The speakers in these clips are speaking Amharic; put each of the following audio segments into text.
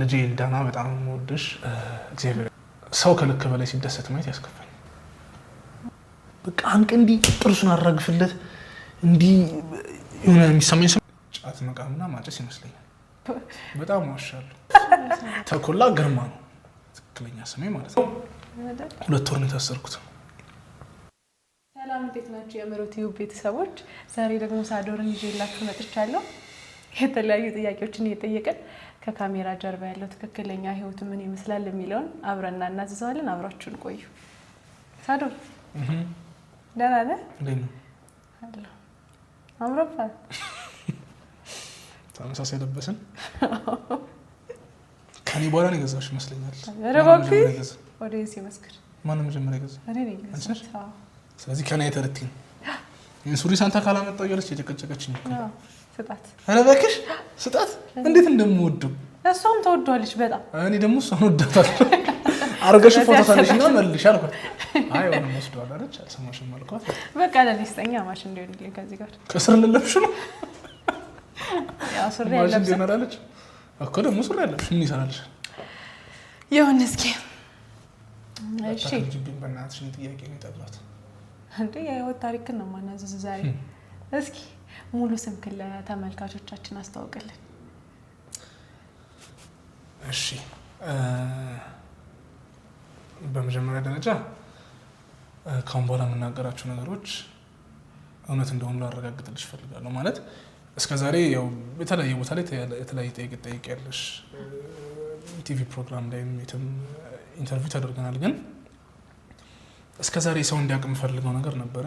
ልጄ ኤልዳና በጣም ወድሽ። እግዚአብሔር ሰው ከልክ በላይ ሲደሰት ማየት ያስከፋል። በቃ አንቅ እንዲህ ጥርሱን አራግፍለት እንዲህ የሆነ የሚሰማኝ ጫት መቃምና ማጨስ ይመስለኛል። በጣም ዋሻለሁ። ተኮላ ግርማ ነው ትክክለኛ ስሜ ማለት ነው። ሁለት ወር ነው የታሰርኩት። ሰላም እንዴት ናቸው የምሮ ቲዩብ ቤተሰቦች? ዛሬ ደግሞ ሳዶርን ይዤላችሁ መጥቻለሁ። የተለያዩ ጥያቄዎችን እየጠየቀን ከካሜራ ጀርባ ያለው ትክክለኛ ህይወቱ ምን ይመስላል የሚለውን አብረና እናዝዘዋለን። አብራችሁን ቆዩ። ሳዶ ደህና ነህ? አምሮብሃል። ተመሳሳይ ለበስን። ከኔ በኋላ ነው የገዛሽ ይመስለኛል። ወደ ይመስክር ማነው መጀመሪያ ገዛ? ስለዚህ ከና የተረቲኝ ሱሪ ሳንታ ካላመጣው እያለች የጨቀጨቀችኝ ስጣት። ኧረ እባክሽ ስጣት እንዴት እንደምወደው እሷም ተወዷለች በጣም እኔ ደግሞ እሷን ወዳታለሁ። አርገሽ ፎቶ ሳለሽ እና መልሽ አልኳት። አይ ወን መስዷል ዶላሮች አልሰማሽም አልኳት። በቃ ለሊስጠኛ ማሽ እንዲሆንልኝ ከዚህ ጋር ከስር ልለብሽ ነው ሱሪ ያለብሽ እኮ ደግሞ ሱሪ ያለብሽ ምን ይሰራልሽ? ይሁን እስኪ እሺ። በእናትሽ ጥያቄ ነው የጠራት እንዴ? ያወት ታሪክን ነው ማናዘዝ ዛሬ እስኪ ሙሉ ስምክን ለተመልካቾቻችን አስታውቅልን። እሺ፣ በመጀመሪያ ደረጃ ካሁን በኋላ የምናገራቸው ነገሮች እውነት እንደሆኑ ላረጋግጥልሽ እፈልጋለሁ። ማለት እስከ ዛሬ የተለያየ ቦታ ላይ የተለያየ ጠይቅ ጠይቅ ያለሽ ቲቪ ፕሮግራም ላይም የትም ኢንተርቪው ተደርገናል። ግን እስከ ዛሬ ሰው እንዲያውቅ የምፈልገው ነገር ነበረ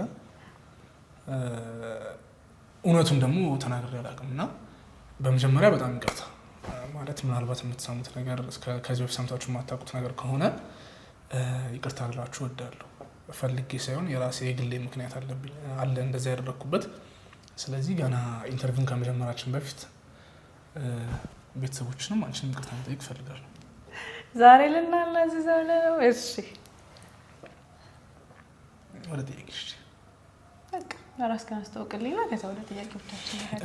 እውነቱን ደግሞ ተናግሬ አላውቅም እና በመጀመሪያ በጣም ይቅርታ ማለት ምናልባት የምትሰሙት ነገር ከዚህ በፊት ሰምታችሁ የማታውቁት ነገር ከሆነ ይቅርታ ልላችሁ እወዳለሁ። ፈልጌ ሳይሆን የራሴ የግሌ ምክንያት አለብኝ አለ እንደዚ ያደረግኩበት። ስለዚህ ገና ኢንተርቪውን ከመጀመራችን በፊት ቤተሰቦችንም አንችን ይቅርታ መጠየቅ እፈልጋለሁ። ዛሬ ልናናዝዘው ነው። እሺ ወደ ጥያቄ ራስህን አስተዋውቅልኝና ከዛ ወደ ጥያቄ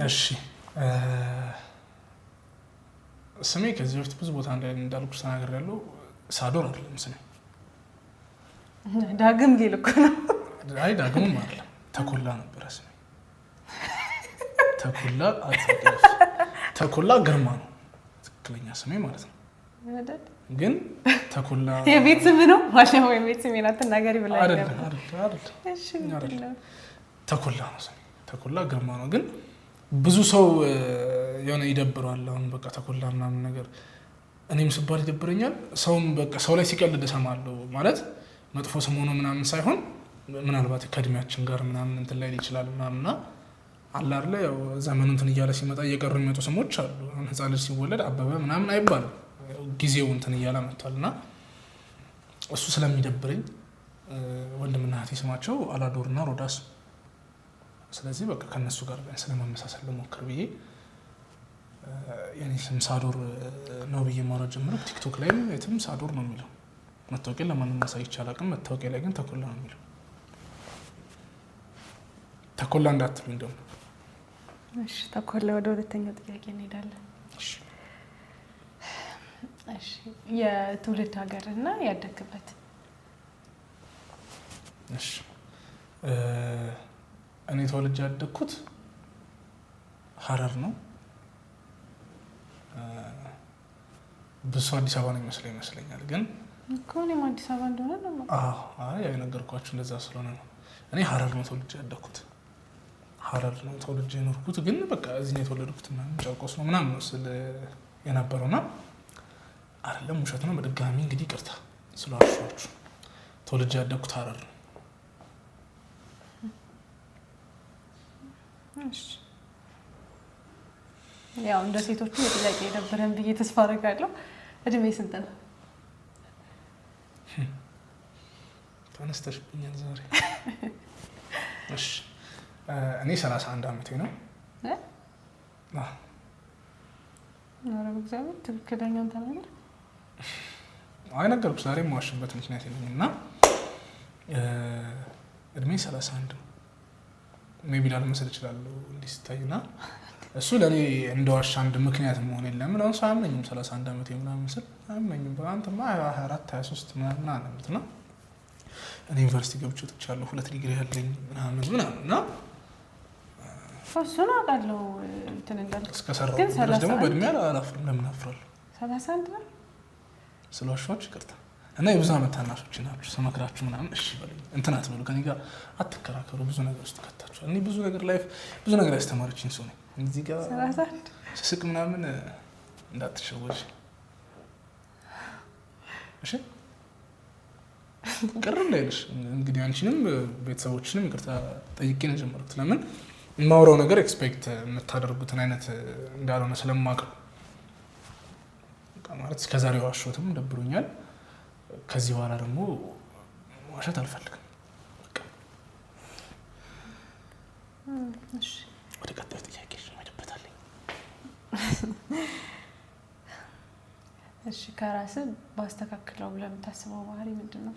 እሺ ስሜ ከዚህ በፊት ብዙ ቦታ ተናገር ያለው ሳዶር አይደለም ስሜ፣ ዳግም ሊል እኮ ነው። አይ ዳግምም አይደለም ተኮላ ነበረ ስሜ። ተኮላ ተኮላ ግርማ ነው ትክክለኛ ስሜ ማለት ነው። ግን ተኮላ የቤት ስም ነው። ማሻ የቤት ስሜን ናትናገር ብላ አይደለም ተኮላ ነው ተኮላ ግርማ ነው። ግን ብዙ ሰው የሆነ ይደብረዋል። አሁን በቃ ተኮላ ምናምን ነገር እኔም ስባል ይደብረኛል። ሰውም በቃ ሰው ላይ ሲቀልድ እሰማለሁ ማለት መጥፎ ስም ሆኖ ምናምን ሳይሆን ምናልባት ከእድሜያችን ጋር ምናምን እንትን ላይ ይችላል ምናምንና አላርለ ያው ዘመኑ እንትን እያለ ሲመጣ እየቀሩ የሚመጡ ስሞች አሉ። አሁን ህፃን ልጅ ሲወለድ አበበ ምናምን አይባልም። ጊዜው እንትን እያለ መጥቷል እና እሱ ስለሚደብረኝ ወንድምና እህቴ ስማቸው አላዶርና ሮዳስ ስለዚህ በቃ ከነሱ ጋር ስለመመሳሰል ለሞክር ብዬ የኔ ስም ሳዶር ነው ብዬ ማውራት ጀምረ። ቲክቶክ ላይ የትም ሳዶር ነው የሚለው መታወቂያ ለማንም አሳይቼ አላውቅም። መታወቂያ ላይ ግን ተኮላ ነው የሚለው። ተኮላ እንዳትሉ ደግሞ። ተኮላ፣ ወደ ሁለተኛው ጥያቄ እንሄዳለን። የትውልድ ሀገር እና ያደግበት እሺ እኔ ተወልጄ ያደግኩት ሀረር ነው። ብዙ አዲስ አበባ ነው የሚመስለው ይመስለኛል። ግን እኔም አዲስ አበባ እንደሆነ ነው የነገርኳችሁ እንደዛ ስለሆነ ነው። እኔ ሀረር ነው ተወልጄ ያደግኩት፣ ሀረር ነው ተወልጄ የኖርኩት። ግን በቃ እዚህ ነው የተወለድኩት። ጨርቆስ ነው ምናምን ነው የነበረው የነበረውና አይደለም ውሸት ነው። በድጋሚ እንግዲህ ቅርታ ስላልኳችሁ። ተወልጄ ያደግኩት ሀረር ነው። ያው እንደ ሴቶቹ የጥያቄ የነበረን ብዬ ተስፋ አደርጋለሁ። እድሜ ስንት ነው? ተነስተሽብኛል ዛሬ። እሺ እኔ ሰላሳ አንድ አመቴ ነው። ኧረ በእግዚአብሔር ትክክለኛውን ተናገር። አይ ነገርኩሽ፣ ዛሬ የማዋሽበት ምክንያት የለኝም እና እድሜ ሰላሳ አንድ ነው። ሜቢ ቢ ላልመስል እችላለሁ እንዲህ እና እሱ ለእኔ እንደ ዋሻ አንድ ምክንያት መሆን የለም። ለሁን ሰው አያመኝም። ሰላሳ አንድ ዓመት የምና ምስል አያመኝም። አንተማ ሀያ አራት ሀያ ሶስት ምናምን አለምት ነው። እኔ ዩኒቨርሲቲ ገብቼ ወጥቻለሁ ሁለት ዲግሪ ያለኝ ምናምን ምናምን እና እሱን አውቃለሁ እስከሰራሁ ደግሞ በእድሜ አላፍርም። ለምን አፍራለሁ? ሰላሳ አንድ ነው ስለ ዋሻዎች ይቅርታ እና የብዙ ዓመት ታናሾች ናችሁ ስመክራችሁ ምናምን እሺ በ እንትን አትበሉ፣ ከኔ ጋር አትከራከሩ። ብዙ ነገር ውስጥ ከታችኋል። እኔ ብዙ ነገር ላይፍ ብዙ ነገር ያስተማረችኝ ሰው ነኝ። እዚህ ጋር ስስቅ ምናምን እንዳትሸወች እሺ። ቅር እንዳይልሽ እንግዲህ አንቺንም ቤተሰቦችንም ይቅርታ ጠይቄ ነው የጀመርኩት። ለምን የማውራው ነገር ኤክስፔክት የምታደርጉትን አይነት እንዳልሆነ ስለማቅ ማለት እስከዛሬ ዋሾትም ደብሮኛል። ከዚህ በኋላ ደግሞ ውሸት አልፈልግም። ወደ ቀጣዩ ጥያቄ እሄድበታለሁ። እሺ፣ ከራስ ባስተካክለው ብለህ የምታስበው ባህሪ ምንድን ነው?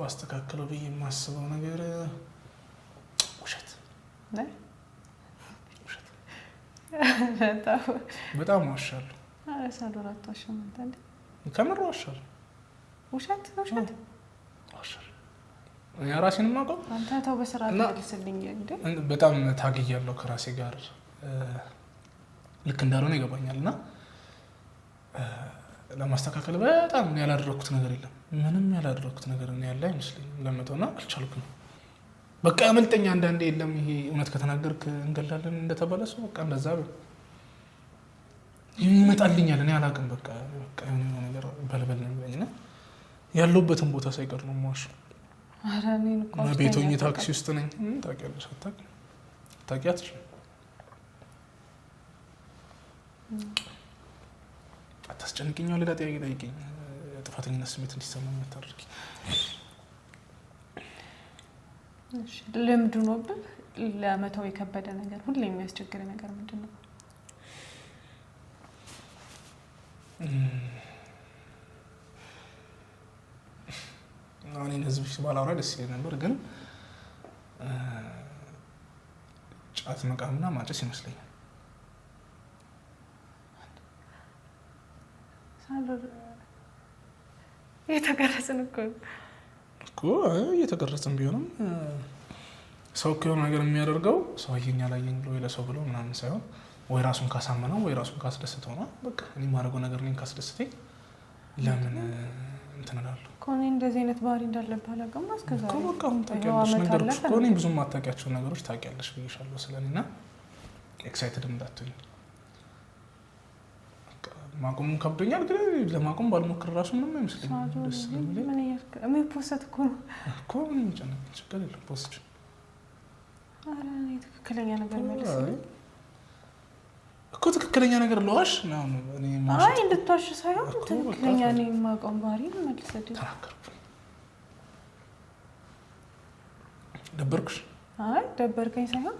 ባስተካክለው ብዬ የማስበው ነገር ውሸት ውሸት፣ በጣም ዋሻለሁ ሳዶር አትዋሽም አንተ እንዴ? ከምር ዋሻል። ውሸት ውሸት ዋሻል። ራሴንም አቆም አንተ ተው፣ በስርዓት መልስልኝ። በጣም ታግያለሁ ከራሴ ጋር ልክ እንዳልሆነ ይገባኛል፣ እና ለማስተካከል በጣም ያላደረኩት ነገር የለም። ምንም ያላደረኩት ነገር ያለ አይመስለኝም። ለመተውና አልቻልኩም። በቃ ያመልጠኛ አንዳንዴ የለም። ይሄ እውነት ከተናገርክ እንገላለን እንደተባለ ሰው በቃ እንደዛ ይመጣልኛል። እኔ አላውቅም። በቃ ነገር በልበል ነኝ ያለሁበትን ቦታ ሳይቀር ነው ማሽ ቤቶኝ ታክሲ ውስጥ ነኝ። ታውቂያለሽ? ታውቂያት አታስጨንቅኝ። ሌላ ጥያቄ ጠይቀኝ። ጥፋተኝነት ስሜት እንዲሰማ የምታደርጊ ልምድ ሆኖብህ ለመተው የከበደ ነገር ሁሌ የሚያስቸግር ነገር ምንድን ነው? እኔን ህዝብ ፊት ደስ ይለኝ ነበር፣ ግን ጫት መቃምና ማጨስ ይመስለኛል። እየተገረጽን እኮ ቢሆንም ሰው የሆነ ነገር የሚያደርገው ሰው አየኝ አላየኝ ብሎ ለሰው ብሎ ምናምን ሳይሆን ወይ ራሱን ካሳመነው ወይ ራሱን ካስደሰተው ነው። በቃ እኔ የማደርገው ነገር እኔን ካስደሰተኝ ለምን እንትን እላለሁ እኮ። እንደዚህ አይነት ባህሪ እንዳለብህ አላውቅም። እስከዛሬ በቃ አሁን ታውቂያለሽ ነገሮች እኮ ብዙም የማታውቂያቸውን ነገሮች ታውቂያለሽ ብዬሻለሁ። ስለ እኔ እና ኤክሳይትድ እንዳትሆኝ ማቆሙ ከብዶኛል፣ ግን ለማቆም ባልሞክር ራሱ ምንም አይመስለኝም። ፖስት እኮ ነው እኮ ምን ጨነቀኝ። ችግር የለም ፖስት። ትክክለኛ ነገር መለስ እኮ ትክክለኛ ነገር ለዋሽ እንድትዋሽ ሳይሆን ትክክለኛ ነው የማውቀውን ባህሪ መልሰ ደበርኩሽ? አይ ደበርከኝ ሳይሆን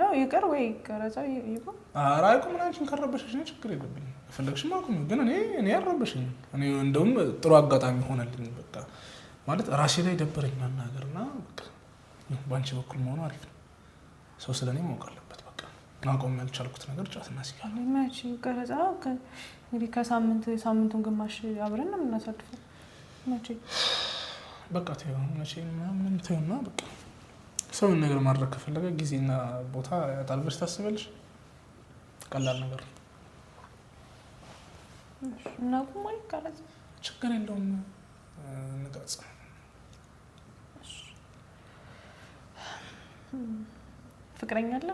ነው ይቅር ወይ ቀረጻ ይቁም። ኧረ አይቁም። ምን አንቺን ካረበሸሽ ነው ችግር የለብኝ የፈለግሽም አቁም። ግን እኔ እኔ አረበሸኝ። እኔ እንደውም ጥሩ አጋጣሚ ሆነልኝ። በቃ ማለት ራሴ ላይ ደበረኝ መናገርና በአንቺ በኩል መሆኑ አሪፍ ነው። ሰው ስለ እኔ ማወቅ አለበት። በቃ ማቆም ያልቻልኩት ነገር ጫትና ሲጋራ መች ቀረጻ። እንግዲህ ከሳምንት የሳምንቱን ግማሽ አብረን ነው የምናሳልፈው። መቼ በቃ ተይው፣ መቼ ምናምን ተይውና በቃ ሰውን ነገር ማድረግ ከፈለገ ጊዜና ቦታ ያጣል ብለሽ ታስበልሽ? ቀላል ነገር ነው። እናቁም ችግር የለውም እንቀርጽ። ፍቅረኛ አለ?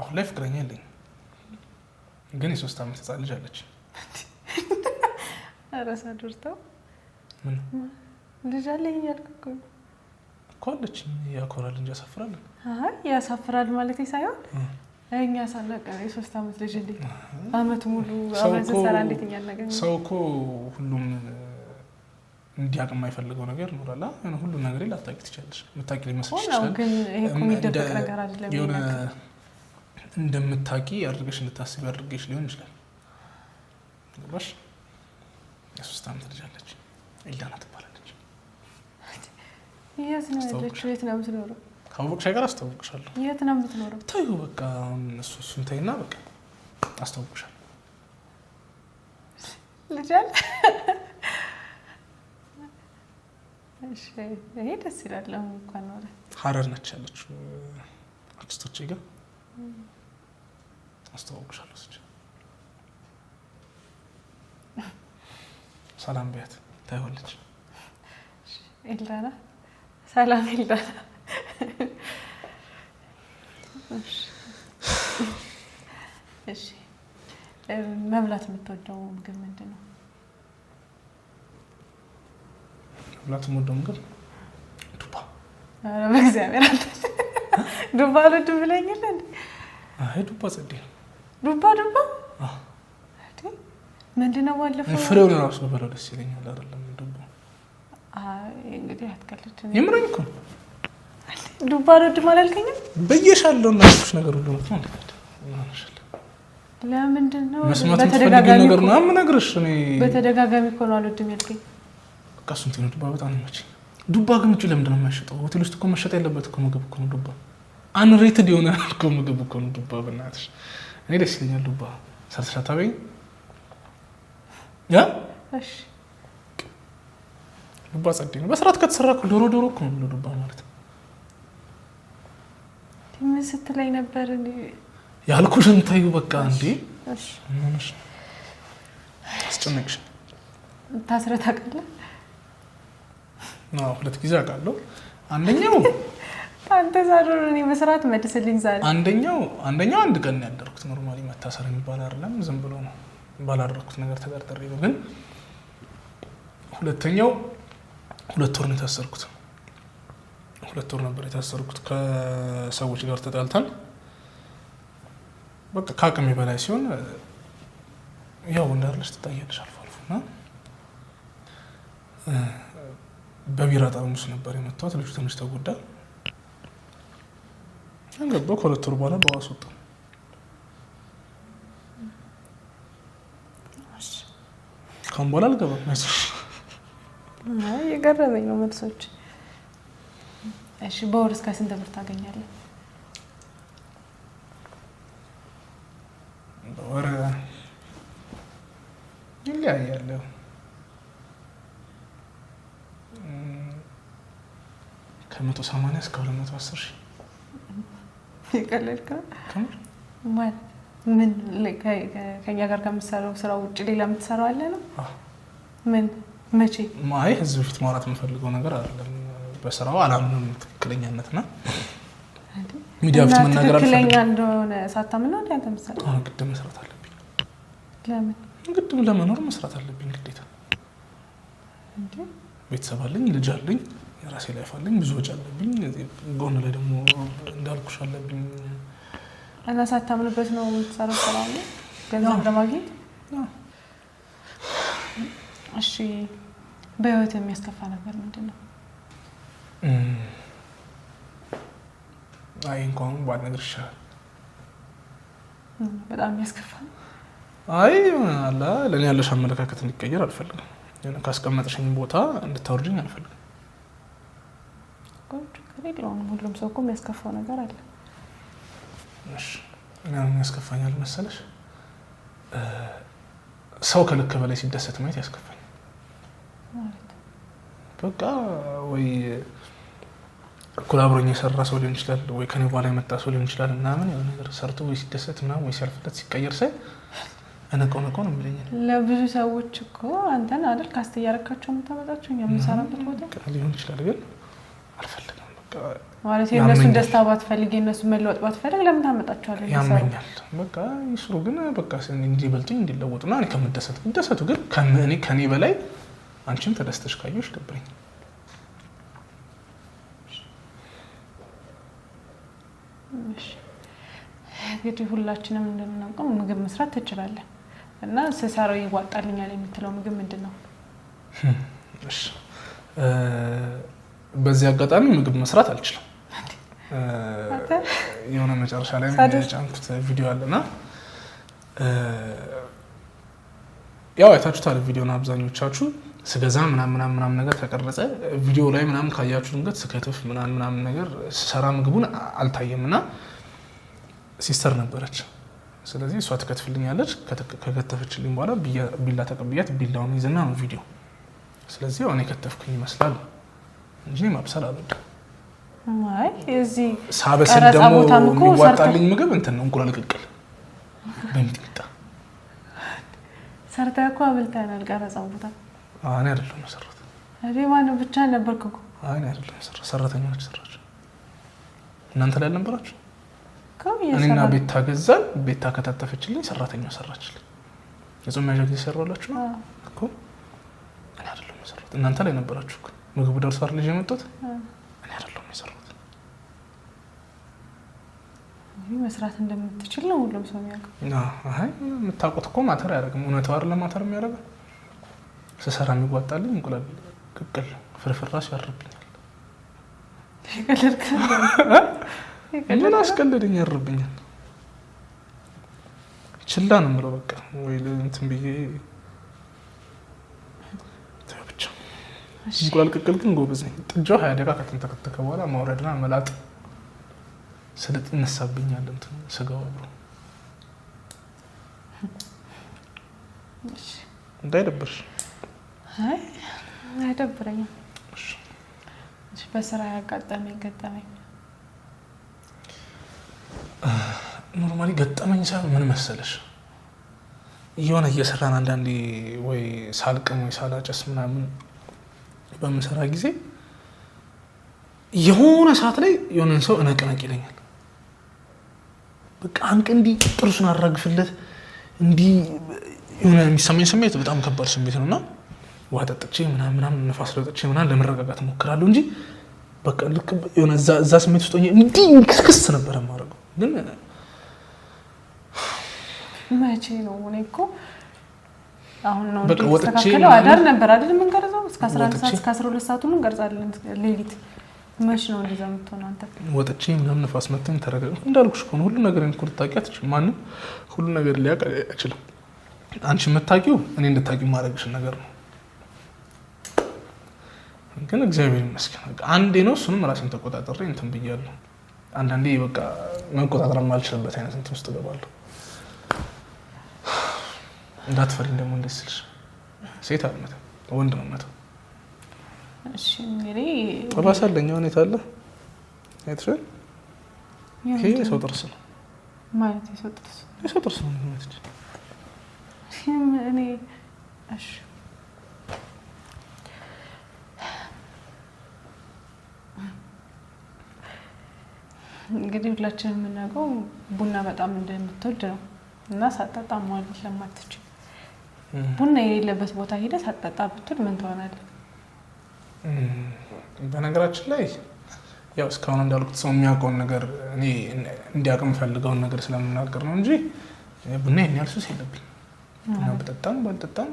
አሁን ላይ ፍቅረኛ የለኝ፣ ግን የሶስት አመት ህፃን ልጅ አለች። ረሳ ዶርታው ልጅ አለኝ እያልክ እኮ አለች። ያኮራል እንጂ ያሳፍራል። ያሳፍራል ማለት ሳይሆን እኛ ሳናቀ የሶስት ልጅ እንዴት አመት ሙሉ እንዴት ሰው እኮ ሁሉም እንዲያቅ የማይፈልገው ነገር ይኖራል። ሁሉ ነገር ላታቂ ትችላለች። ምታቂ ሊመስልሽ እንደምታቂ አድርገሽ እንድታስቢ አድርገሽ ሊሆን ይችላል። ገባሽ? የሶስት ዓመት ልጅ አለች፣ ኤልዳና ትባላለች። የት ነው ያለችው? ካወቅሽ አይቀር አስታውቅሻለሁ። የት በቃ እሱ እሱን ተይና በቃ አስታውቅሻለሁ። ልጅ አለ ይሄ ደስ ይላል። እንኳን ኖረ ሀረር ነች ያለች አክስቶቼ ጋር አስተዋውቅሻለሁ። ስች ሰላም ቢያት ታይሆለች። ኤልዳና ሰላም ኤልዳና። እሺ መብላት የምትወደው ምግብ ምንድን ነው? ሁላት የምወደው ምግብ ዱባ። በእግዚአብሔር አለ ዱባ ልድ ብለኝል ብለኛል። አይ ዱባ ጸዴ ነው። ዱባ ዱባ ምንድነው? ነው? ባለፈው ፍሬው ለራሱ በለው ደስ ይለኛል። አይደለም ዱባ እንግዲህ አትቀልድ። የምረኝ እኮ ዱባ አልወድም አላልከኝም? በየሻለው እና ነገር ሁሉ ነው ለምንድን ነው በተደጋጋሚ እኮ ነው አልወድም ያልከኝ? በቃ እሱን ትሆነ ዱባ በጣም ይመቸኝ። ዱባ ግን ውጭ ለምንድነው የሚያሸጠው? ሆቴል ውስጥ እኮ መሸጥ ያለበት እኮ ምግብ እኮ ነው ዱባ። አንሬትድ የሆነ እኮ ምግብ እኮ ነው ዱባ። በእናትሽ እኔ ደስ ይለኛል ዱባ። ሰርተሽ አታበይኝ? ዱባ ጸዴ ነው። በስርዓት ከተሰራ ዶሮ ዶሮ እኮ ነው ዱባ ማለት ነው። ምን ስትለኝ ነበር ያልኩሽን? ተይው በቃ እንዴ! አስጨነቅሽ። ታስረህ ታውቃለህ? ሁለት ጊዜ አውቃለሁ። አንደኛው አንተ ሳዶር እኔ መስራት መልስልኝ ዛሬ። አንደኛው አንደኛው አንድ ቀን ያደርኩት ኖርማሊ መታሰር የሚባል አይደለም፣ ዝም ብሎ ነው ባላደረኩት ነገር ተጠርጥሬ ነው። ግን ሁለተኛው ሁለት ወር ነው የታሰርኩት። ሁለት ወር ነበር የታሰርኩት። ከሰዎች ጋር ተጣልተን በቃ ከአቅሜ በላይ ሲሆን ያው እንዳለች ትታያለች አልፎ አልፎ እና በቢራ ጠርሙስ ነበር የመቷት። ልጁ ትንሽ ተጎዳ። ገባ ከሁለት ወር በኋላ በዋስ ወጣ። ካሁን በኋላ አልገባም። የገረመኝ ነው መልሶች። እሺ፣ በወር እስከ ስንት ብር ታገኛለህ? በወር ይለያያለሁ ከመቶ ሰማንያ እስከ ሁለት መቶ አስር ሺህ የቀለድከው ምን ከኛ ጋር ከምትሰራው ስራ ውጭ ሌላ የምትሰራው አለ ነው? ምን መቼ? አይ ህዝብ ፊት ማውራት የምፈልገው ነገር አይደለም። በስራው አላምንም ትክክለኛነት ና ሚዲያ ፊት መናገር ትክክለኛ እንደሆነ ሳታምና ወዲ ያንተ ምሰራ ግድ መስራት አለብኝ። ለምን ግድ ለመኖር መስራት አለብኝ ግዴታ። ቤተሰብ አለኝ፣ ልጅ አለኝ የራሴ ላይፍ አለኝ፣ ብዙ ወጪ አለብኝ። ጎን ላይ ደግሞ እንዳልኩሽ አለብኝ እና ሳታምንበት ነው የምትሰራው ስራ አለ ገንዘብ ለማግኘት። እሺ፣ በህይወት የሚያስከፋ ነገር ምንድን ነው? አይ እንኳን ነገር ይሻላል። በጣም የሚያስከፋ አይ አለ ለእኔ ያለሽ አመለካከት እንዲቀየር አልፈልግም። ካስቀመጠሽኝ ቦታ እንድታወርድኝ አልፈልግም። የለውም። ሁሉም ሰው እኮ የሚያስከፋው ነገር አለ። እኔ ያስከፋኛል መሰለሽ፣ ሰው ከልክ በላይ ሲደሰት ማየት ያስከፋኝ። በቃ ወይ እኩል አብሮኝ የሰራ ሰው ሊሆን ይችላል፣ ወይ ከኔ በኋላ የመጣ ሰው ሊሆን ይችላል። ምናምን የሆነ ነገር ሰርቶ ወይ ሲደሰት ምናምን ወይ ሲያልፍለት ሲቀየር ሳይ እነቀው ነቀው ነው የሚለኝ። ለብዙ ሰዎች እኮ አንተን አይደል ካስት እያደረካቸው የምታመጣቸው እኛ የምንሰራበት ቦታ ሊሆን ይችላል፣ ግን አልፈለ ማለት የእነሱን ደስታ ባትፈልግ የእነሱን መለወጥ ባትፈልግ ለምን ታመጣቸዋለህ? ያመኛል። በቃ ይስሩ፣ ግን በቃ እንዲበልጡኝ እንዲለወጡ ና እኔ ከምደሰት ደሰቱ፣ ግን ከኔ በላይ አንቺም ተደስተሽ ካየሽ ደብረኝ። እንግዲህ ሁላችንም እንደምናውቀው ምግብ መስራት ትችላለን እና ስሰራው ይዋጣልኛል የምትለው ምግብ ምንድን ነው? በዚህ አጋጣሚ ምግብ መስራት አልችልም። የሆነ መጨረሻ ላይ የጫንኩት ቪዲዮ አለና ያው አይታችሁታል ቪዲዮን አብዛኞቻችሁ ስገዛ ምናምን ምናምን ነገር ተቀረጸ ቪዲዮ ላይ ምናምን ካያችሁ ድንገት ስከትፍ ምናምን ምናምን ነገር ስሰራ ምግቡን አልታየም እና ሲስተር ነበረች። ስለዚህ እሷ ትከትፍልኛለች። ከከተፈችልኝ በኋላ ቢላ ተቀብያት ቢላውን ይዘና ነው ቪዲዮ። ስለዚህ አሁን የከተፍኩኝ ይመስላል። እንጂ ማብሰል አልወድም። ሳበስል ደግሞ የሚዋጣልኝ ምግብ እንትን ነው እንቁላል ቅቅል በሚጥሚጣ ሰርተህ እኮ አብልተናል። ቀረጻው ቦታ እኔ አይደለሁም መሰረት እኔ ማነው ብቻ ነበርክ እኮ። እኔ አይደለሁም የሰራሁት፣ ሰራተኛ ናችሁ የሰራችሁ። እናንተ ላይ አልነበራችሁ? እኔና ቤታ ገዛን፣ ቤታ ከታተፈችልኝ፣ ሰራተኛ ሰራችልኝ። የጾም ያዣ ጊዜ ሰራላችሁ እኮ። እኔ አይደለሁም መሰረት እናንተ ላይ ነበራችሁ ግን ምግቡ ደርሷል ልጅ ይዤ የመጡት እኔ አይደለሁም የሰራሁት። መስራት እንደምትችል ነው ሁሉም ሰው የሚያውቀው። አይ የምታውቁት እኮ ማተር አያደርግም። እውነታው አይደለም ማተር የሚያደርገው። ስሰራ የሚዋጣልኝ እንቁላል ቅቅል፣ ፍርፍር ራሱ ያርብኛል። ምን አስቀልድኝ ያርብኛል። ችላ ነው የምለው በቃ ወይ እንትን ብዬ እንቁላል ቅቅል ግን ጎበዝ ነኝ። ጥጃው ሀያ ደቂቃ ከተንተከተከ በኋላ ማውረድና መላጥ ስልጥ እነሳብኛል። እንትን ስጋው አብሮ እንዳይደብርሽ። አይደብረኝም። በስራ ያጋጠመኝ ገጠመኝ ኖርማሊ ገጠመኝ ሳይሆን ምን መሰለሽ የሆነ እየሰራን አንዳንዴ ወይ ሳልቅም ወይ ሳላጨስ ምናምን በምሰራ ጊዜ የሆነ ሰዓት ላይ የሆነን ሰው እነቅነቅ ይለኛል። በቃ አንቅ እንዲህ ጥርሱን አራግፍለት እንዲህ የሆነ የሚሰማኝ ስሜት በጣም ከባድ ስሜት ነው እና ውሃ ጠጥቼ ምናምን ነፋስ ለጠጥቼ ምናምን ለመረጋጋት እሞክራለሁ እንጂ በቃ ልክ የሆነ እዛ ስሜት ውስጥ እንዲህ ክስክስ ነበረ የማደርገው ግን መቼ ነው እኔ እኮ አሁን ነው አዳር ነበር አይደል የምንቀርጸው? እስከ 11 ሰዓት እስከ 12 ሰዓቱ እንቀርጻለን። ሌሊት መች ነው እንደዛ የምትሆነው አንተ? ወጥቼ ምናምን ነፋስ መተን እንዳልኩሽ ሁሉ ነገር እንኩርታቂ አትችል። ማንም ሁሉ ነገር ሊያውቅ አይችልም። አንቺ የምታውቂው እኔ እንድታውቂው ማድረግሽን ነገር ነው። ግን እግዚአብሔር ይመስገን አንዴ ነው እሱንም ራሴን ተቆጣጠሬ እንትን ብያለሁ። አንዳንዴ በቃ መቆጣጠር ማልችልበት አይነት እንትን ውስጥ እገባለሁ። እንዳትፈሪኝ ደግሞ እንዴት ስልሽ ሴት አልመተም ወንድ ነው መተው። እሺ እንግዲህ ጠባሳ አለኝ ሁኔታ አለ አይተሻል። ይሄ የሰው ጥርስ ነው ማለት የሰው ጥርስ የሰው ጥርስ ነው ማለት እኔ እሺ እንግዲህ ሁላችንም የምናውቀው ቡና በጣም እንደምትወድ ነው እና ማለት ለማትችል ቡና የሌለበት ቦታ ሄደ ሳጠጣ ብትል ምን ትሆናለህ? በነገራችን ላይ ያው እስካሁን እንዳልኩት ሰው የሚያውቀውን ነገር እኔ እንዲያውቅ ፈልገውን ነገር ስለምናገር ነው እንጂ ቡና ይህን ያህል ሱስ የለብኝ። ቡና ብጠጣም ባልጠጣም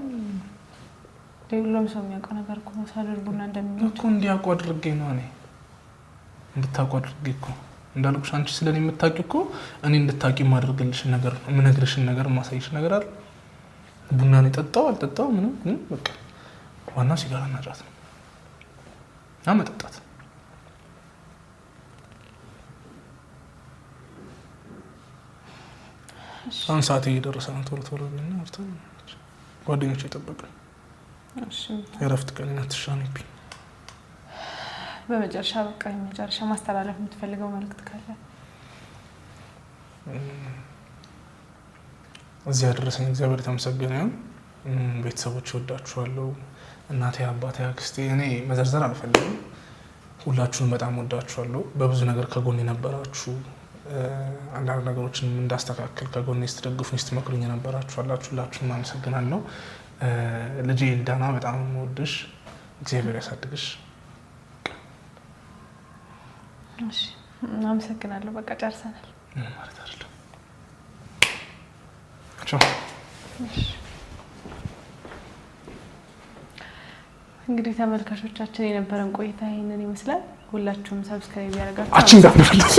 ሁሉም ሰው የሚያውቀው ነገር እኮ ሳደር ቡና እንደሚሆን እንዲያውቁ አድርጌ ነው እኔ እንድታውቁ አድርጌ እኮ እንዳልኩሽ አንቺ ስለኔ የምታውቂ እኮ እኔ እንድታውቂ የማደርግልሽን ነገር የምነግርሽን ነገር የማሳይሽ ነገር አለ ቡናን የጠጣው አልጠጣው ምንም ግን በቃ ዋናው ሲጋራና ጫት ነው እና መጠጣት። አሁን ሰዓት እየደረሰ ነው። ቶሎ ቶሎ ብና ጓደኞች የጠበቀ የእረፍት ቀን ትሻንብኝ። በመጨረሻ በቃ የመጨረሻ ማስተላለፍ የምትፈልገው መልዕክት ካለ እዚህ ያደረሰኝ እግዚአብሔር የተመሰገነ ይሁን። ቤተሰቦች ወዳችኋለሁ። እናቴ፣ አባቴ፣ አክስቴ እኔ መዘርዘር አልፈልግም። ሁላችሁን በጣም ወዳችኋለሁ። በብዙ ነገር ከጎን የነበራችሁ አንዳንድ ነገሮችን እንዳስተካከል ከጎን ስትደግፉ ስትመክሩኝ የነበራችሁ አላችሁ። ሁላችሁንም አመሰግናለሁ። ልጄ ልዳና በጣም ወድሽ፣ እግዚአብሔር ያሳድግሽ። አመሰግናለሁ። በቃ ጨርሰናል ማለት አይደለም ናቸው። እንግዲህ ተመልካቾቻችን የነበረን ቆይታ ይህንን ይመስላል። ሁላችሁም ሰብስክራይብ ያደርጋችሁ አችን ጋር ነፈለሱ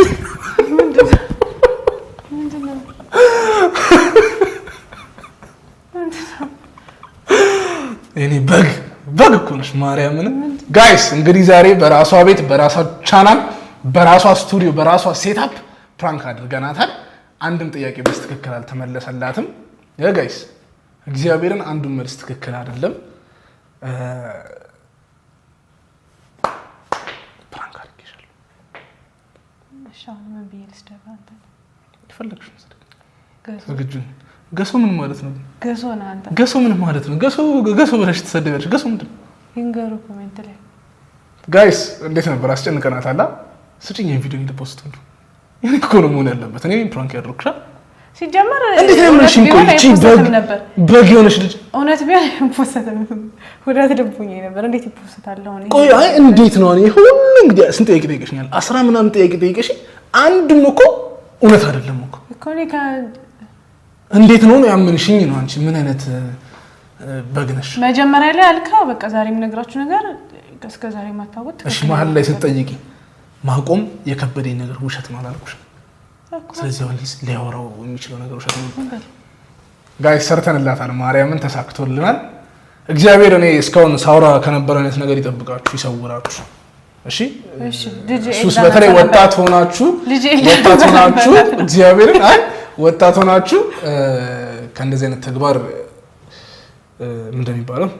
እኔ በግ በግ እኮ ነሽ ማርያምን። ጋይስ እንግዲህ ዛሬ በራሷ ቤት በራሷ ቻናል በራሷ ስቱዲዮ በራሷ ሴታፕ ፕራንክ አድርገናታል። አንድም ጥያቄ በስትክክል አልተመለሰላትም። ጋይስ እግዚአብሔርን አንዱን መልስ ትክክል አይደለም። ፕራንክ አድርጌሻለሁ። ገሶ ምን ማለት ነው? ገሶ ምን ማለት ነው? ገሶ ብለሽ ተሰደበች። ገሶ ምንድን ነው? ጋይስ እንዴት ነበር? አስጨንቀናት አላ ስጭኝ ቪዲዮ ልፖስት ነው ይሄ እኮ ነው መሆን ያለበት። እኔ ፕራንክ ያደረግሻል ሲጀመር እንዴት ነው ምንሽ? እንኳን እቺ በግ በግ የሆነች ልጅ እውነት ቢሆን ይፖሰታል። ሁለት ልቡኝ ነበር። እንዴት ይፖሰታለሁ? አሁን ቆይ፣ አይ እንዴት ነው እኔ ሁሉ እንግዲህ ስንት ጥያቄ ጠይቀሽኛል? አስራ ምናምን ጥያቄ ጠይቀሽ አንድም እኮ እውነት አይደለም እኮ እኮ እኔ እንዴት ነው ያምንሽኝ ነው? አንቺ ምን አይነት በግ ነሽ? መጀመሪያ ላይ አልካ በቃ ዛሬ የምነግራችሁ ነገር እስከ ዛሬ ማታወቅ እሺ፣ መሀል ላይ ስትጠይቂ ማቆም የከበደኝ ነገር ውሸት ነው አላልኩሽም? ስለዚህ አሁን ሊያወራው የሚችለው ነገር ውሸት ነው ጋይ ሰርተንላታል። ማርያምን ተሳክቶልናል። እግዚአብሔር እኔ እስካሁን ሳውራ ከነበረ አይነት ነገር ይጠብቃችሁ፣ ይሰውራችሁ። እሺ እሱስ በተለይ ወጣት ሆናችሁ ወጣት ሆናችሁ እግዚአብሔርን አይ ወጣት ሆናችሁ ከእንደዚህ አይነት ተግባር ምንደሚባለው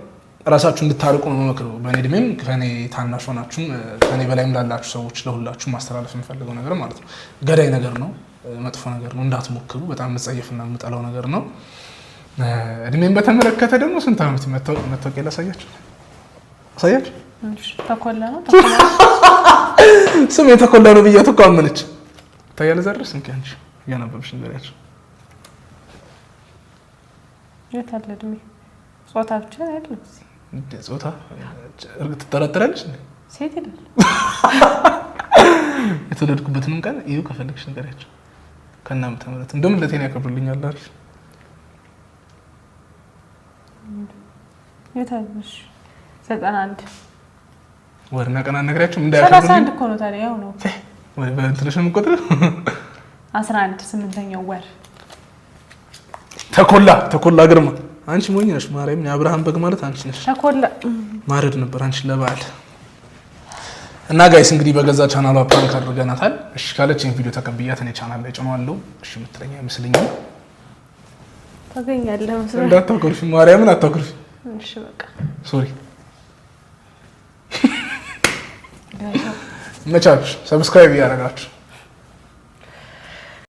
ራሳችሁ እንድታርቁ ነው መክረው። በእኔ እድሜም ከኔ ታናሽ ሆናችሁም ከኔ በላይም ላላችሁ ሰዎች ለሁላችሁ ማስተላለፍ የምፈልገው ነገር ማለት ነው፣ ገዳይ ነገር ነው፣ መጥፎ ነገር ነው፣ እንዳትሞክሩ። በጣም የምጸየፍና የምጠላው ነገር ነው። እድሜም በተመለከተ ደግሞ ስንት ዓመት መታወቂያ ላሳያችሁ አሳያችሁ። ስም የተኮላ ነው ብያት እኮ አመነች። ታያለ ዘርስ እንኪ አንቺ እያነበብሽ ንገሪያቸው። የት አለ እድሜ ጾታ ብቻ ያለ ጾታ ትጠራጠራለች። ሴት ይላል። የተወለድኩበትንም ቀን ይኸው ከፈለግሽ ንገሪያቸው ከእነ ዓመተ ምሕረት እንደውም ለቴን ያከብሩልኛል አይደል? ዘጠና አንድ ወርና ቀና እኮ ነው ታዲያ። ያው ነው ወይ በእንትንሽ የምቆጥረው። አስራ አንድ ስምንተኛው ወር ተኮላ ተኮላ ግርማ አንቺ ሞኝ ነሽ። ማርያም የአብርሃም በግ ማለት አንቺ ነሽ። ማረድ ነበር አንቺ ለበዓል እና ጋይስ እንግዲህ በገዛ ቻናሏ ፕራንክ አድርገናታል። እሺ ካለች ይህን ቪዲዮ ተቀብያት እኔ ቻናል ላይ ጭኗዋለሁ። እሺ የምትለኝ አይመስልኝም። ታገኛለህ መሰለኝ። እንዳታኩርፊ፣ ማርያምን አታኩርፊ። እሺ በቃ ሶሪ። መቻች ሰብስክራይብ እያደረጋችሁ